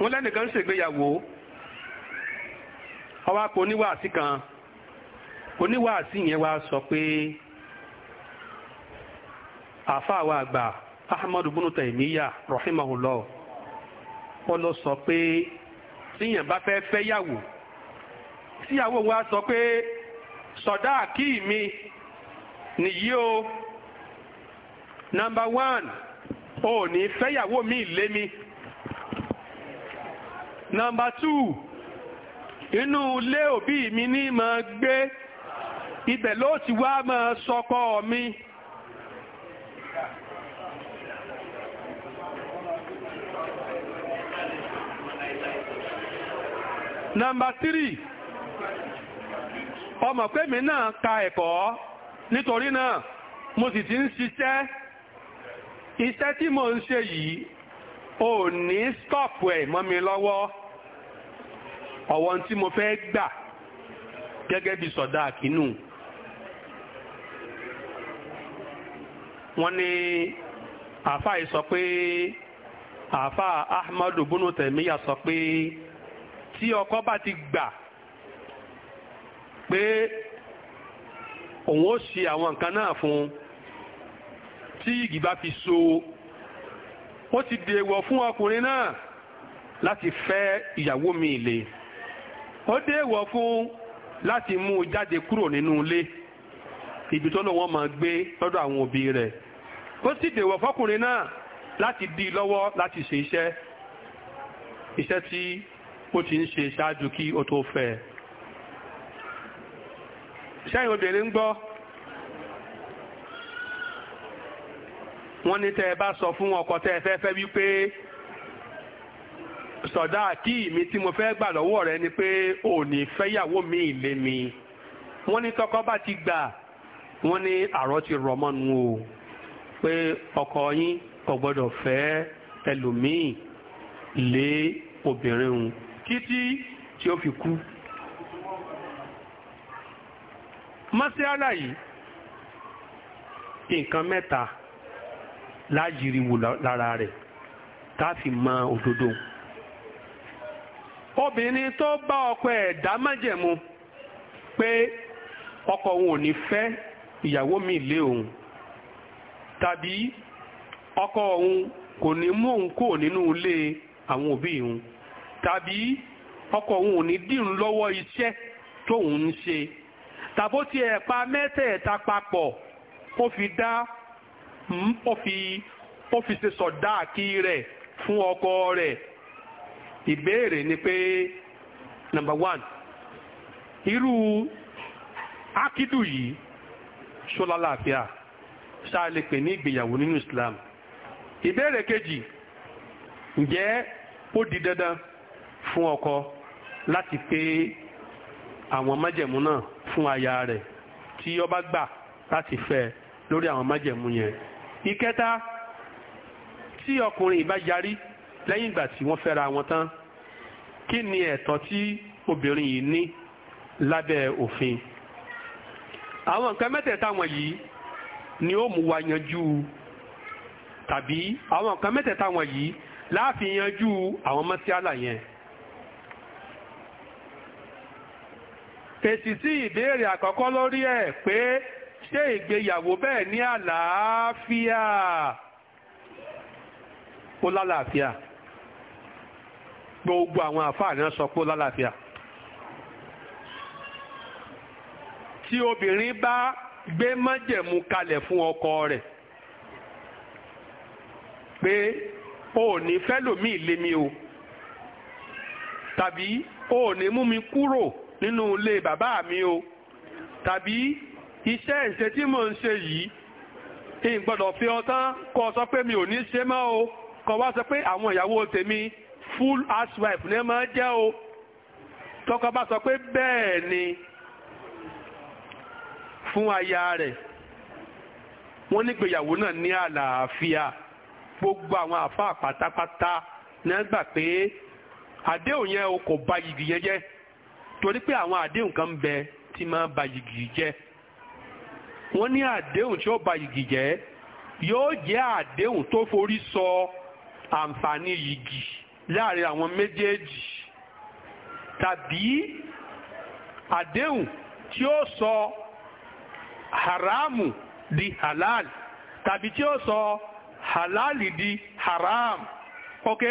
wọ́n lẹ́nìkan ń ṣègbéyàwó ọwọ́ apò oníwàásí kan oníwàásí yẹn wá sọ pé àáfàá wa àgbà ahmadu bunu taimiya rahimahullah ó lọ sọ pé tíyàn bá fẹ́ fẹ́yàwó tíyàwó wa sọ pé sọ̀dá kí mi nìyí o nọ́mbà one ò ní fẹ́yàwó mi lé mi Number two, inú ilé òbí mi ní máa gbé, ibẹ̀ ló ti wá máa sọkọ mi. Number three, ọmọ pé mi náà ka ẹ̀kọ́ nítorí náà mo sì ti ń ṣiṣẹ́ iṣẹ́ tí mo ń ṣe yìí ò ní stọ́pù ẹ̀ mọ́ mi lọ́wọ́ ọ̀wọ́n tí mo fẹ́ gbà gẹ́gẹ́ bí sọ̀dá àkínú wọ́n ní àáfàá yìí sọ pé àáfàá ahmadu bunu tẹ̀míyà sọ pé tí ọkọ bá ti gbà pé òun ó ṣe àwọn nǹkan náà fún tí igi bá fi so ó ti dèèwọ̀ fún ọkùnrin náà láti fẹ́ ìyàwó mi lè ó déèwọ̀ fún láti mú un jáde kúrò nínú ilé ibi tó lóun máa gbé lọ́dọ̀ àwọn òbí rẹ̀ ó sì déèwọ̀ fọkùnrin náà láti dí i lọ́wọ́ láti ṣe iṣẹ́ iṣẹ́ tí ó ti ń ṣe ṣáájú kí ó tó fẹ́ sẹ́yìn obìnrin ń gbọ́ wọ́n ní tẹ́ ẹ bá sọ fún ọkọ tẹ́ ẹ fẹ́ fẹ́ wípé sọ̀dá àkí mi tí mo fẹ́ gbà lọ́wọ́ rẹ ni pé ò ní fẹ́yàwó mi ilé mi wọ́n ní tọkọ bá ti gbà wọ́n ní àrọ́ ti rọ̀ mọ́nu o pé ọkọ yín kò gbọ́dọ̀ fẹ́ ẹlòmíì lé obìnrin òun títí tí ó fi kú. mọ́síálà yìí nǹkan mẹ́ta láàyè rí wò lára rẹ̀ tá a fi mọ òdodo. obìnrin tó bá ọkọ ẹ̀ májẹ̀mú pé ọkọ òun ò ní fẹ́ ìyàwó mi ile òun tàbí ọkọ òun kò ní mú òun kò nínú ilé àwọn òbí òun tàbí ọkọ òun ò ní dìrún lọ́wọ́ iṣẹ́ tóun ń ṣe tàbó ti mẹ́tẹ̀ẹ̀ta papọ̀ ó fi fi ṣe rẹ̀ fún ọkọ rẹ̀ ìbéèrè ni pé number one irú akidu yìí ṣọlá láàfíà ṣáà lè pè ní ìgbéyàwó nínú Islam ìbéèrè kejì ǹjẹ́ ó di dandan fún ọkọ láti pé àwọn májẹ̀mú náà fún aya rẹ̀ tí ó bá gbà láti fẹ́ lórí àwọn májẹ̀mú yẹn ìkẹta tí ọkùnrin ìbá yarí lẹ́yìn ìgbà tí wọ́n fẹ́ra wọn tán kí ni ẹ̀tọ́ tí obìnrin yìí ní lábẹ́ òfin àwọn nǹkan mẹ́tẹ̀ẹ̀ta wọ̀nyí ni ó mú wa yanjú tàbí àwọn nǹkan mẹ́tẹ̀ẹ̀ta wọ̀nyí láàfin yanjú àwọn mọ́síálà yẹn fèsì sí ìbéèrè àkọ́kọ́ lórí ẹ̀ pé ṣé ìgbéyàwó bẹ́ẹ̀ ní àlàáfíà ó lálàáfíà. La gbogbo àwọn àfáà náà sọ pé ó lálàáfíà tí obìnrin bá gbé májẹ̀mú kalẹ̀ fún ọkọ rẹ̀ pé o ò ní fẹ́ lòmíì lémi o tàbí o ò ní mú mi kúrò nínú ilé bàbá mi o tàbí iṣẹ́ ìṣe tí mò ń ṣe yìí ìgbọ́dọ̀ fi ọtán kọ́ sọ pé mi ò ní ṣe mọ́ o kọ́ wá sọ pé àwọn ìyàwó tèmi full housewife ní ẹ máa jẹ́ o tọkọ bá sọ pé bẹ́ẹ̀ ni fún aya rẹ̀ wọ́n nígbèyàwó náà ní àlàáfíà gbogbo àwọn àfáà pátápátá náà gbà pé àdéhùn yẹn o kò bà yìgì yẹn jẹ́ torí pé àwọn àdéhùn kan bẹ tí máa bà yìgì jẹ́ wọ́n ní àdéhùn tí ó bà yìgì jẹ́ yóò jẹ́ àdéhùn tó forí sọ àǹfààní yìgì. So, láàrin àwọn méjèèjì tàbí àdéhùn tí ó sọ haramu di halal tàbí tí ó sọ halali di haram ok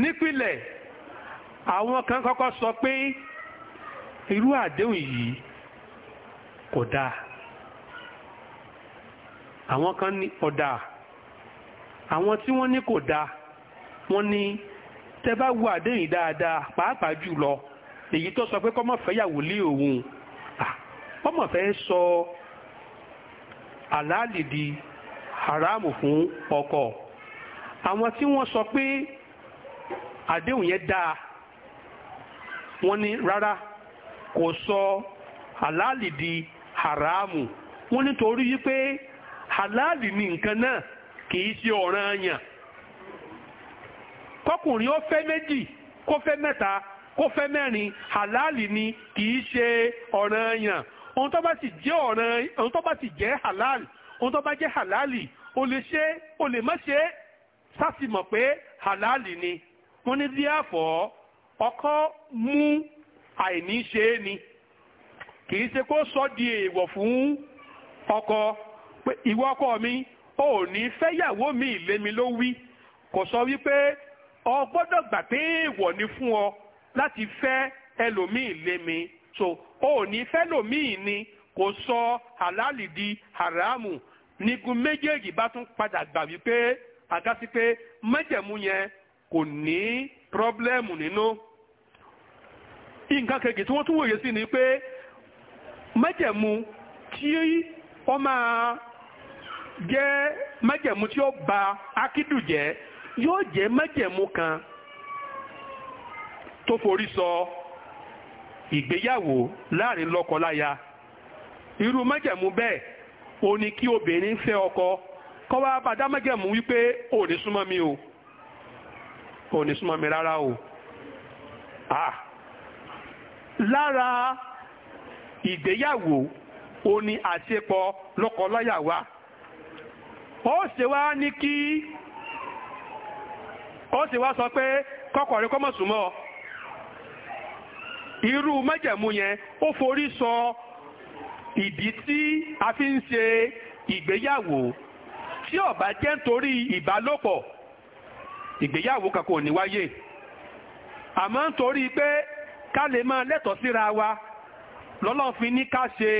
nípìlẹ̀ àwọn kan kọ́kọ́ sọ pé irú àdéhùn yìí kò dáa àwọn kan ní ọ̀dà àwọn tí wọ́n ní kò dáa wọ́n ní tẹ́ bá wo àdéhùn dáadáa pàápàá jùlọ èyí tó sọ pé kọ́mọ fẹ́ yàwó lé òun ọmọ fẹ́ sọ àlàálì di haramu fún ọkọ àwọn tí wọ́n sọ pé àdéhùn yẹn dáa wọ́n ní rárá kò sọ àlàálì di haramu wọ́n nítorí wípé àlàálì ni nǹkan náà kì í ṣe ọ̀ranyàn kọkùnrin ó fẹ́ méjì kó fẹ́ mẹ́ta kó fẹ́ mẹ́rin halali ni kì í ṣe ọ̀ranyàn ohun tó bá sì jẹ́ ọ̀ràn ohun tó bá sì jẹ́ halal ohun tó bá jẹ́ halali o lè ṣe o lè má ṣe sásìmọ̀ pé halali ni wọ́n ní díàfọ́ ọkọ mú àìní ṣe é ni kì í ṣe kó sọ di èèwọ̀ fún ọkọ ìwọ ọkọ mi ò ní fẹ́yàwó mi ìlémi ló wí kò sọ wípé o gbọ́dọ̀ gbà pé èèwọ̀ ni fún ọ láti fẹ́ ẹlòmíì lémi so o ò ní fẹ́ ni kò sọ àlálì di haramu nígun méjèèjì bá tún padà gbà wípé àgásí pé májẹ̀mú yẹn kò ní pírọ́blẹ́mù nínú. nǹkan kejì tí wọ́n tún wòye sí ni pé májẹ̀mú tí ó máa jẹ́ májẹ̀mú tí ó ba akídù yóò jẹ́ májẹ̀mú kan tó forí sọ ìgbéyàwó láàrin lọ́kọláya irú májẹ̀mú bẹ́ẹ̀ ó ní kí obìnrin fẹ́ ọkọ kọ́ wá bá dá májẹ̀mú wípé ò ní súnmọ́ mi o ò ní súnmọ́ mi rárá o ah lára ìgbéyàwó ó ní àṣepọ̀ lọ́kọláya wa ó ṣe wá ní kí ó sì wá sọ pé kọ́kọ̀ rẹ kọ́ mọ̀ súnmọ́ irú májẹ̀mú yẹn ó forí sọ ìdí tí a fi ń ṣe ìgbéyàwó tí ó bá jẹ́ nítorí ìbálòpọ̀ ìgbéyàwó kankan ò ní wáyé àmọ́ nítorí pé ká lè máa lẹ́tọ̀ọ́ síra wa lọ́lọ́run fi ní ká ṣe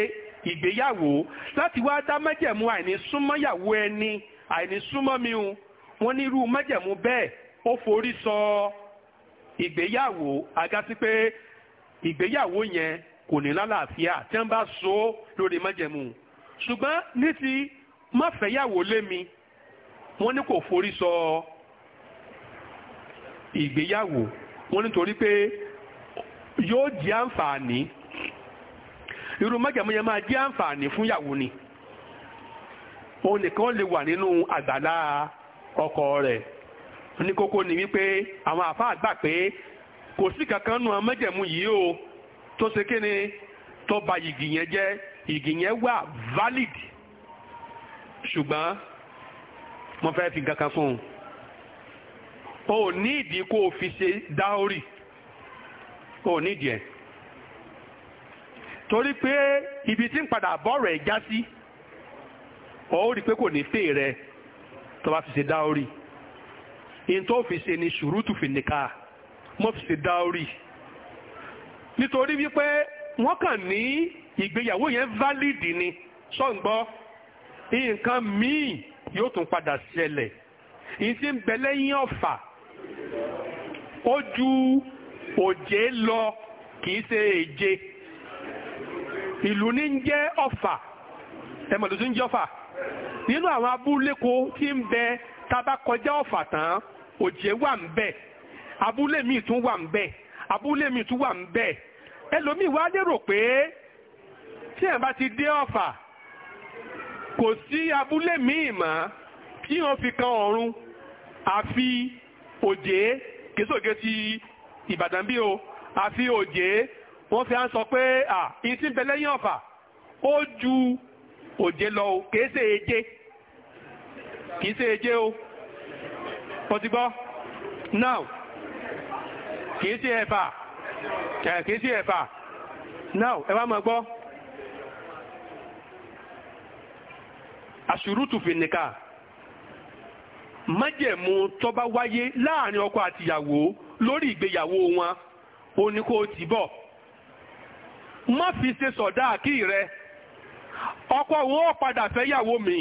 ìgbéyàwó láti wá dá májẹ̀mú àìní súnmọ́ yàwó ẹni àìní súnmọ́ mi wọ́n ní irú májẹ̀mú bẹ́ẹ̀ ó forí sọ ìgbéyàwó agásí pé ìgbéyàwó yẹn kò ní lálàáfíà tí wọ́n bá so lórí májẹ̀mú ṣùgbọ́n ní ti máfẹ̀yàwó lé mi wọ́n ní kò forí sọ ìgbéyàwó wọ́n nítorí pé yóò jẹ́ àǹfààní irú májẹ̀mú yẹn máa jẹ́ àǹfààní fún yàwó ni òun nìkan lè wà nínú àgbàlá ọkọ rẹ̀ ní kókó ni wípé àwọn àfáà gbà pé kò sí kankan nu amẹ́jẹ̀mú yìí o tó ṣe kí ni tó ba yìgì yẹn jẹ́ yìgì yẹn wà valid ṣùgbọ́n mo fẹ́ fi kankan fún un o ní ìdí kó o fi ṣe dáórì o ní ìdí ẹ̀ torí pé ibi tí ń padà bọ́ rẹ̀ já sí o rí pé kò ní pè tó bá fi ṣe dáórì. hin to fi se ni suru tufinika mo fi se daori nitori wipe won kan ni igbe yawo iye validi ni so n gbo in kan miin pada padasele in si n bele yi ofa oju oje lo se eje ilu ni nje ofa emodu si nje ofa ninu awon abuleko ki nbe tabakon je ofa taa òjé wà ń bẹ̀ abúlé míì tún wà ń bẹ̀ abúlé míì tún wà ń bẹ̀ ẹlòmíì wá lérò pé tí ẹ̀ bá ti dé ọ̀fà kò sí abúlé míì mọ́ tí wọ́n fi kan ọ̀run àfi òjé kìsògé ti ìbàdàn bí o àfi òjé wọ́n fi á sọ pé à ìsìn bẹ lẹ́yìn ọ̀fà ó ju òjé lọ o kìí ṣe kìí ṣe èjé o pọ̀tígbọ́ now kìí sí ẹ̀fà kìí sí ẹ̀fà now ẹ wá máa gbọ́ àṣùrùtù fi nìka májẹ̀mú tó bá wáyé láàrin ọkọ àtìyàwó lórí ìgbéyàwó wọn ó ní kó tì bọ̀ má fi ṣe sọ̀dá àkí rẹ ọkọ wọn ó padà fẹ́yàwó mi.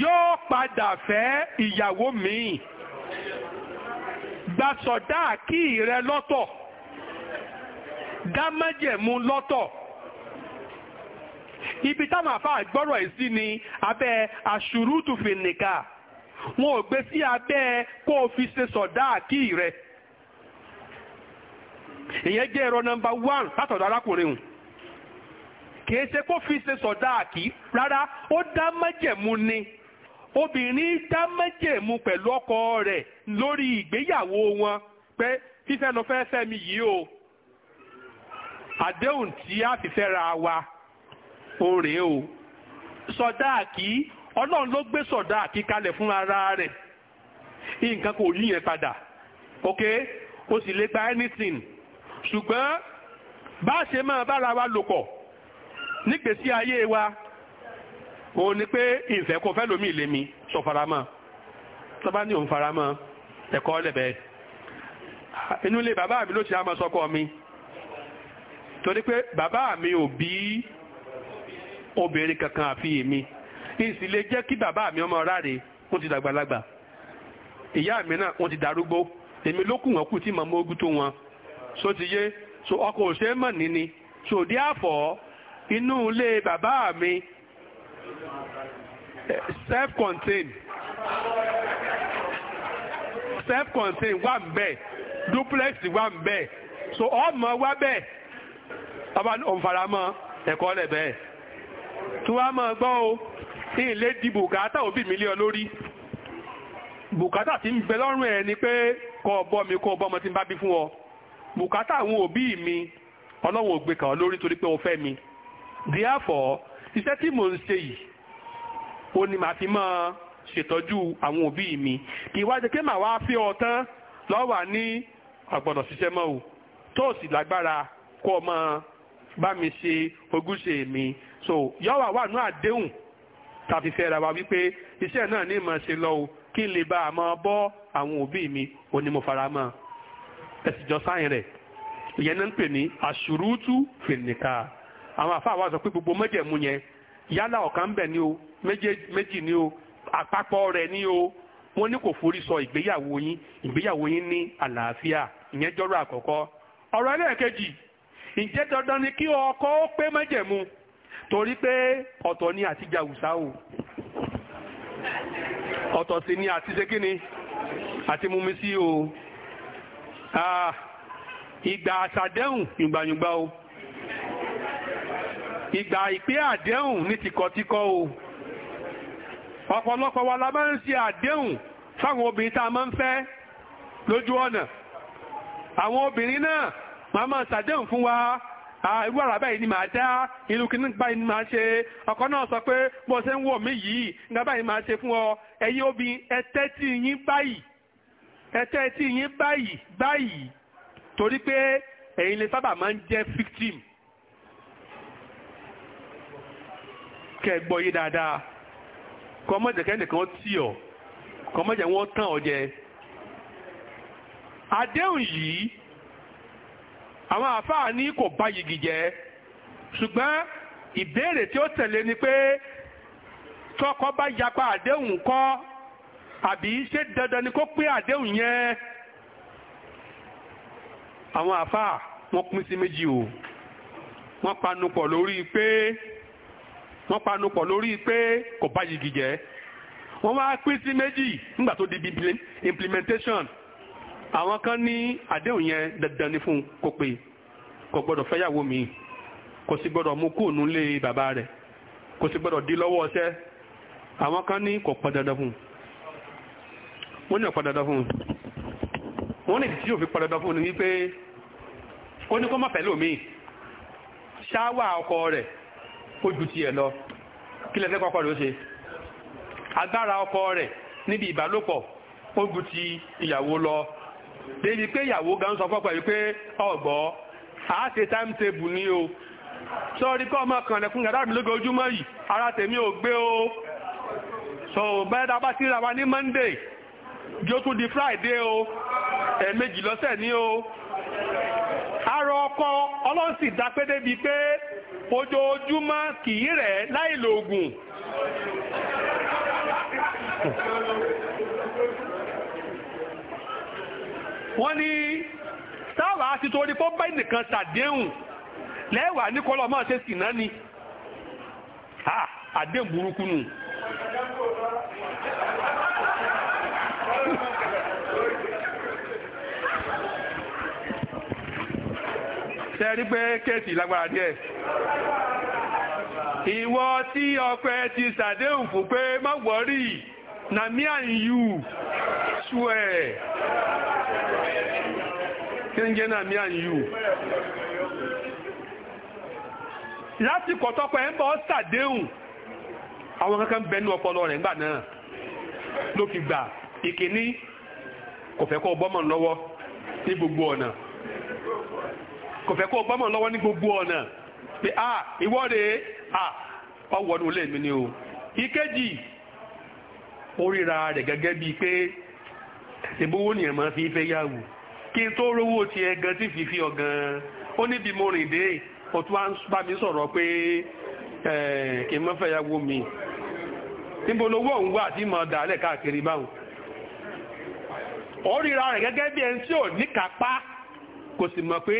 yóò padà fẹ́ ìyàwó míì gba sọ̀dáàkì rẹ lọ́tọ̀ dá májẹ̀mú lọ́tọ̀ ibi táwọn àfáà gbọ́rọ̀ yìí sí ni abẹ́ àṣùrùtù fìníkà wọn ò gbé sí abẹ́ kó o fi ṣe sọ̀dáàkì rẹ ìyẹn jẹ́ ẹ̀rọ nọ́mbà one látọ̀dọ̀ arákùnrin hùn kìí ṣe kó fi ṣe sọ̀dá àkí rárá ó dá májẹ̀mú ni obìnrin dá májẹ̀mú pẹ̀lú ọkọ rẹ̀ lórí ìgbéyàwó wọn pé fífẹ́ fẹ́ fẹ́ yìí o àdéhùn tí a fi fẹ́ra wa ó rèé o sọ̀dá àkí ọlọ́run ló gbé sọ̀dá àkí kalẹ̀ fún ara rẹ̀ nǹkan kò yí yẹn padà ok o sì lè gba anything ṣùgbọ́n bá a ṣe máa bára wa lò pọ̀ nígbèsí ayé wa ó ní pé ìfẹ́ kò fẹ́ lómi ìlémi sọ faramọ́ tọ́ba ní òun faramọ́ ẹ̀kọ́ lẹ̀bẹ̀ inú ilé bàbá mi ló ti àmọ́ sọ́kọ mi torí pé bàbá mi ò bí obìnrin kankan àfi èmi ìsì jẹ́ kí bàbá mi ọmọ ráre wọ́n ti dàgbàlagbà ìyá mi náà wọ́n ti darúgbó èmi ló kù wọ́n kù tí màmá ogún tó wọn so ti yé so ọkọ òṣèré mọ̀ níní so díàfọ́ inú ilé bàbá mi self-contained self-contained wà ń bẹ̀ duplex wà ń bẹ̀ so ọmọ wà bẹ̀ ọba òǹfaramọ ẹ̀kọ́ rẹ̀ bẹ́ẹ̀ tí wọ́n á máa gbọ́ o ní ilé di bùkátà òbí mi lé ọ lórí bùkátà tí ń bẹ lọ́rùn ẹ̀ ni pé kọ́ ọbọ mi kọ́ ọbọ ọmọ tí ń bá bí fún ọ bùkátà àwọn òbí mi ọlọ́run ò gbé kàn ọ́ lórí torí pé o fẹ́ mi therefore iṣẹ́ tí mò ń ṣe yìí ó ní màá fi máa ṣètọ́jú àwọn òbí mi kì í wá jẹ́ kí màá wá fi ọ tán lọ́wà ní àgbọ̀dọ̀ ṣiṣẹ́ mọ́ o tó sì lágbára kó o bá mi ṣe ojúṣe mi so yọ́wà wà ní àdéhùn tàbí fẹ́ra wa wípé iṣẹ́ náà ní ìmọ̀ ṣe lọ o kí n lè bá a máa bọ́ àwọn òbí mi ò ní mo fara mọ́ ẹ̀sìnjọ́ sáyìn rẹ̀ ìyẹn náà ń pè ní àṣùrùtù fìníkà. àwọn àfáà wa sọ pé gbogbo mẹ́jẹ̀mú yẹn yálà ọ̀kan ń bẹ̀ ni o méjì ni o àpapọ̀ rẹ̀ ni o wọn ní kò forí sọ ìgbéyàwó yín ìgbéyàwó yín ní àlàáfíà ìyẹn jọ́rọ̀ àkọ́kọ́ ọ̀rọ̀ ẹlẹ́ẹ̀kejì ǹjẹ́ dandan ni kí ọkọ ó pé mẹ́jẹ̀mú torí pé ọ̀tọ̀ ni àti jàwùsá o ọ̀tọ̀ sì ni àti ṣe kí ni àti mumi sí o ah, ìgbà àṣàdéhùn ìgbàyùngbà o. ìgbà ìpé àdéhùn ní tìkọ̀tìkọ̀ o ọ̀pọ̀lọpọ̀ wa la máa ń ṣe àdéhùn fáwọn obìnrin tá a máa ń fẹ́ lójú ọ̀nà àwọn obìnrin náà máa máa ṣàdéhùn fún wa irú àràbà yìí ni màá dá irú kí nígbà yìí ni màá ṣe ọkọ náà sọ pé bó ṣe ń wọ̀ mí yìí nígbà yìí màá ṣe fún ọ ẹ̀yin obìnrin ẹtẹ́ tí yín báyìí ẹtẹ́ tí yín báyìí báyìí torí pé ẹ̀yin lè sábà máa ń jẹ́ victim kẹ́ ẹ gbọ́ yé dáadáa kọ́ mọ́jẹ̀ kẹ́nìkan tì ọ́ kọ́ mọ́jẹ̀ wọ́n tàn ọ́ jẹ. àdéhùn yìí àwọn àfáà ní kò bá yìgì jẹ́ ṣùgbọ́n ìbéèrè tí ó tẹ̀lé ni pé tọkọ bá yapa àdéhùn kọ́ àbí ṣé dandan ni kó pé àdéhùn yẹn àwọn àfáà wọ́n pín sí méjì o wọ́n panupọ̀ lórí pé wọ́n panupọ̀ lórí pé kò bá yìgì jẹ́ wọ́n wá pín sí méjì nígbà tó di implementation àwọn kan ní àdéhùn yẹn dandan ni fún kò pé kò gbọ́dọ̀ fẹ́yàwó mi kò sì gbọ́dọ̀ mú kóònù lé bàbá rẹ̀ kò sì gbọ́dọ̀ di lọ́wọ́ ọṣẹ́ àwọn kan ní kò pọn dandan fún wọ́n ní ọ̀pọ̀ dandan fún wọ́n ní tí yóò fi pọn dandan fún ni wípé ó ní kó má fẹ́ lómi ṣáwà ọkọ rẹ̀ ó ju tiẹ̀ lọ kí lẹ́sẹ̀ kọ́kọ́ ló ṣe agbára ọkọ rẹ̀ níbi ìbálòpọ̀ ó ju ti ìyàwó lọ débi pé ìyàwó gan sọ fọ́pọ̀ yìí pé ọ̀gbọ́ a ṣe time table ni o sọ́ọ́rí kọ́ ọmọ kan lẹ́kùn gàdá mi lójoojúmọ́ yìí ara tèmi ò gbé o so bẹ́ẹ̀ dá bá sí wa ní Monday jó di Friday o ẹ̀ẹ̀mejì lọ́sẹ̀ ni o ọkọ ọlọ́run sì dá pé débi pé ojoojúmọ́ kì í rẹ̀ láì lòògùn. wọ́n ní sáwàá ti torí pọ́ bá nìkan ṣàdéhùn lẹ́wàá ní kọ́lọ́ máa ṣe sìnà ni àdéhùn burúkú nù. tẹ́rí pé kéètì lágbára díẹ̀ ìwọ tí ọpẹ ti sàdéhùn fún na me and you swear kí ń jẹ́ na me and you láti kọ̀tọ́pọ̀ ń bọ́ sàdéhùn àwọn kankan bẹnu ọpọlọ rẹ̀ ńgbà náà ló fi gbà ìkíní kò fẹ́ kọ́ lọ́wọ́ kò fẹ́ kó gbọ́mọ̀ lọ́wọ́ ní gbogbo ọ̀nà pé a ìwọ́de a ọwọ́ olè mi ni o ìkejì ó rẹ̀ gẹ́gẹ́ pé ìbówó fi fẹ́ yàwó kí tó rówó ti ẹgan tí fi fi ọ̀gan ó níbi mo rìn dé ọ̀tún á bá mi sọ̀rọ̀ pé kì mọ́ fẹ́ yàwó mi níbo lówó òun wà tí mọ̀ káàkiri báwọn rẹ̀ gẹ́gẹ́ tí ò kò sì mọ̀ pé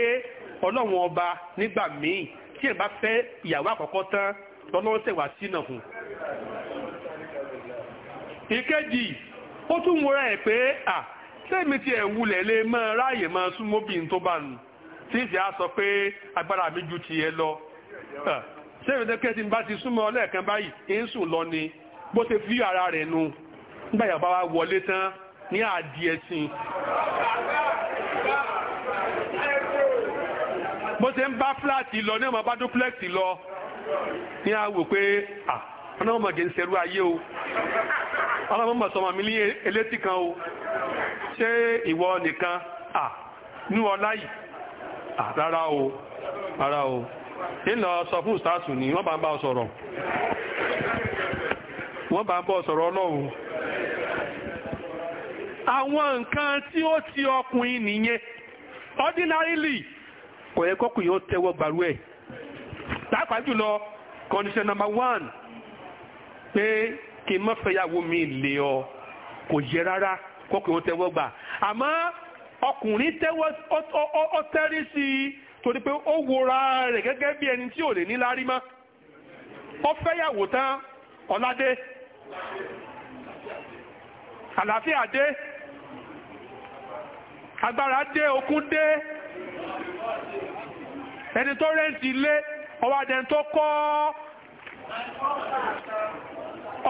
ọlọ́run ọba nígbà míì tí ẹ̀ bá fẹ́ ìyàwó àkọ́kọ́ tán lọ́lọ́run ṣẹ̀wá sínà fún. ìkejì ó tún wọra ẹ̀ pé à sẹ́mi tí ẹ̀ ń wulẹ̀ lè máa ráàyè máa súnmọ́ bí n tó bá nù tí ìsì á sọ pé agbára mi ju tiẹ̀ lọ. sẹ́mi tẹ́kẹ́ tí n bá ti súnmọ́ ọlẹ́ẹ̀kan báyìí ń sùn lọ ni bó ṣe fi ara rẹ̀ nu nígbà yàrá wa wọlé tán ní àdìẹ sí i. bó ṣe ń bá fúláàtì lọ ní ọmọ bá dúpúlẹ̀tì lọ ní àwò pé ọlọ́mọdé ń ṣerú ayé o ọlọ́mọdé sọmọ mi ní elétí kan o ṣé ìwọ nìkan ní ọlá yìí rárá o rárá o ìlọ sọ fún ìstáàtù ni wọ́n bá ń bá ọ sọ̀rọ̀ wọ́n bá ń bọ́ sọ̀rọ̀ ọlọ́run àwọn nǹkan tí ó ti ọkùnrin nìyẹn ordinarily kò yẹ kọ́kù yóò tẹ́wọ́ gbàrú ẹ̀ pàápàá jùlọ condition number one pé kí n má fẹ́yàwó mi lè ọ kò yẹ rárá kọ́kù yóò tẹ́wọ́ gbà àmọ́ ọkùnrin tẹ́wọ́ ọ tẹ́rí sí i torí pé ó wora rẹ̀ gẹ́gẹ́ bí ẹni tí ò lè ní lárí mọ́ ó fẹ́yàwó tán ọ̀ládé àlàáfíà dé agbára dé okun dé ẹni tó rẹ́ǹtì ilé ọwọ́ adẹ́n tó kọ́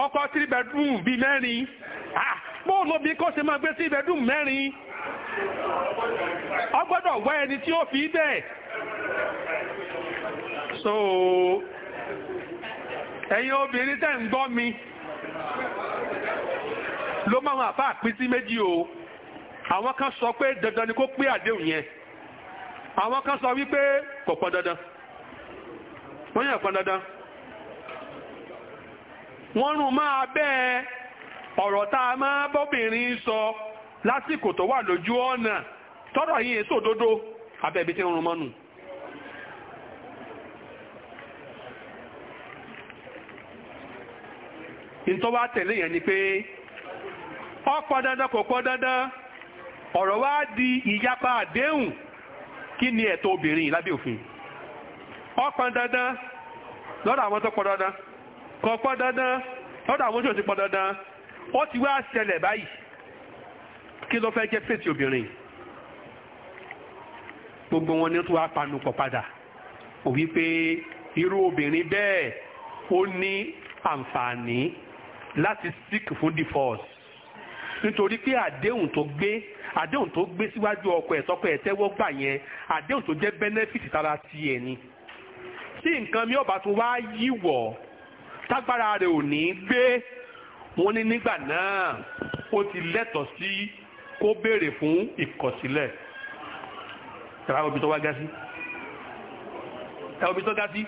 ọkọ̀ three bedroom bí mẹ́rin bóòlù bí kó ṣe máa gbé three bedroom mẹ́rin ẹni tí ó fi so ẹ̀yin obìnrin tẹ́ ń gbọ́ mi ló máa ń sí méjì o àwọn kan sọ pé dandan ni kó pé àdéhùn yẹn àwọn kan sọ wípé kò pọn dandan wọ́n yàn pọn dandan wọ́n rún máa bẹ́ẹ̀ ọ̀rọ̀ tá a máa bọ́bìnrin sọ lásìkò tó wà lójú ọ̀nà tọ́rọ̀ yìí èso dodo abẹ́bí tí ń rún mọ́nù ìtọ́wà tẹ̀lé yẹn ni pé ó pọn dandan kò pọn dandan ọ̀rọ̀ wá di ìyapa àdéhùn kí ni ẹ̀tọ́ obìnrin lábẹ́ òfin ó pọn dandan lọ́dọ̀ àwọn tó pọn dandan kò pọn dandan lọ́dọ̀ àwọn tó ti pọn dandan ó ti wá ṣẹlẹ̀ báyìí kí ló fẹ́ jẹ́ fèsì obìnrin gbogbo wọn ni ó tún wá panupọ̀ padà ó wí pé irú obìnrin bẹ́ẹ̀ ó ní àǹfààní láti seek fún divorce nítorí pé àdéhùn tó gbé àdéhùn tó gbé síwájú ọkọ ẹ̀ tọkọ ẹ̀ tẹ́wọ́ gbà yẹn àdéhùn tó jẹ́ bẹ́nẹ́fìtì tara ti ẹ̀ ni. tí nǹkan mi ọba tún wá yíwọ̀ tágbára rẹ̀ ò ní gbé wọn ní nígbà náà ó ti lẹ́tọ̀ọ́ sí kó béèrè fún ìkọ̀sílẹ̀. tàbá omi tó wá gá sí tàbá omi tó gá sí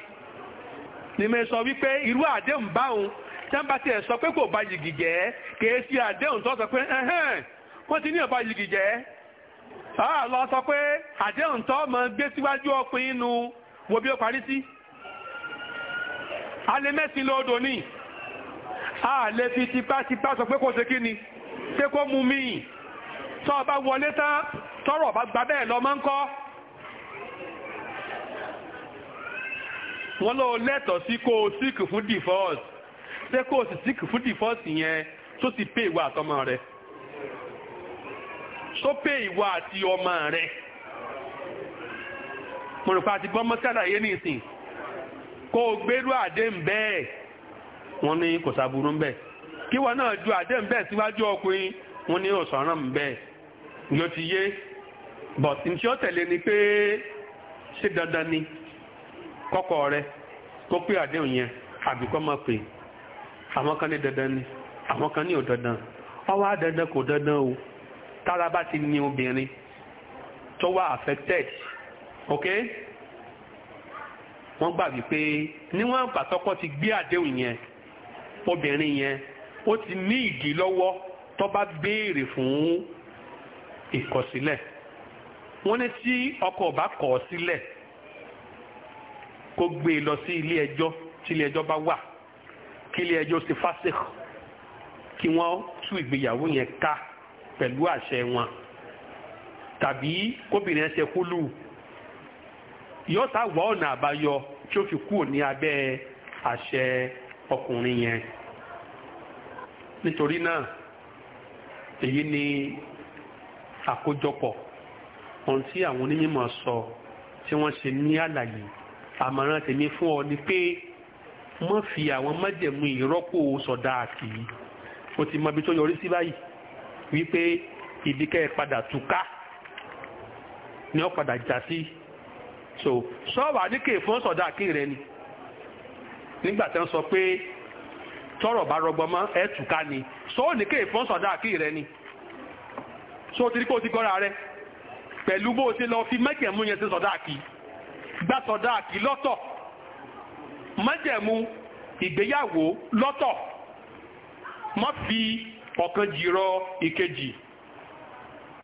ni mo sọ wípé irú àdéhùn báwọn tábà tiẹ̀ sọ pé kò bá yìgì jẹ́ kèé sí àdéhùn tó sọ pé ẹ̀hẹ́n wọ́n ti ní ọba yìgì jẹ́ àá lọ sọ pé àdéhùn tó mọ gbé síwájú ọpin inú wo bí ó parí sí. alẹ́ mẹ́sìn lóòdò ní a lè fi tipátipá sọ pé kò ṣe kí ni pé kó mú mi tọ́ ọba wọlé tán tọ́rọ̀ bá gbà bẹ́ẹ̀ lọ máa ń kọ́. wọ́n lọ lẹ́tọ̀ọ́ sí kó o síkì fún divorce ṣé kò sì sí fún dìfọ́ọ̀sì yẹn tó ti pé ìwà àtọmọ rẹ tó pé ìwà àti ọmọ rẹ mo rò pé àti gbọ́n mọ́sálà yé nìsín kó o gbérú àdéhùn bẹ́ẹ̀ wọ́n ní kò sàbúrú bẹ́ẹ̀ kí wọn náà ju àdéhùn bẹ́ẹ̀ síwájú ọkùnrin wọ́n ní ọ̀sán bẹ́ẹ̀ ló ti yé but ntí ó tẹ̀lé ni pé ṣé dandan ni kọ́kọ́ rẹ kó pé àdéhùn yẹn àbíkọ́ máa pè é àwọn kan ní dandan ni àwọn kan ní ò dandan ọwọ́ á dandan kò dandan o tára bá ti ní obìnrin tó wà affected ok wọ́n gbà wípé níwọ̀n pàtọ́kọ́ ti gbé àdéhùn yẹn obìnrin yẹn ó ti ní ìdí lọ́wọ́ tó bá béèrè fún ìkọ̀sílẹ̀ wọ́n ní tí ọkọ bá kọ̀ sílẹ̀ kó gbé e lọ sí ilé ẹjọ́ tí ilé ẹjọ́ bá wà kílé ẹjọ́ sí fásitì kí wọ́n tú ìgbéyàwó yẹn ká pẹ̀lú àṣẹ wọn tàbí kóbìnrin ẹsẹ̀ kúlù yóò sá wà ọ̀nà àbáyọ tí ó fi kúrò ní abẹ́ àṣẹ ọkùnrin yẹn nítorí náà èyí ni àkójọpọ̀ ohun tí àwọn onímọ̀ sọ tí wọ́n ṣe ní àlàyé àmọ̀ràn tèmi fún ọ ni pé mọ́ fi àwọn májẹ̀mú ìrọ́pò sọ̀dá àti o ti mọ ibi tó yọrí sí báyìí wípé ìdíkẹ́ padà túká ni ó padà já sí so sọ́ọ̀bù àdíkè fún sọ̀dá àkè rẹ ni nígbà tí wọ́n sọ pé tọrọ bá rọgbọ mọ ẹ túká ni sọ́ọ̀ ní kéè fún sọ̀dá àkè rẹ ni so o ti rí kó o ti gọ́ra rẹ pẹ̀lú bó o ti lọ fi májẹ̀mú yẹn sí sọ̀dá àkè gbà sọ̀dá àkè lọ́tọ̀ májẹ̀mú ìgbéyàwó lọ́tọ̀ má fi ọ̀kan jìrọ ìkejì.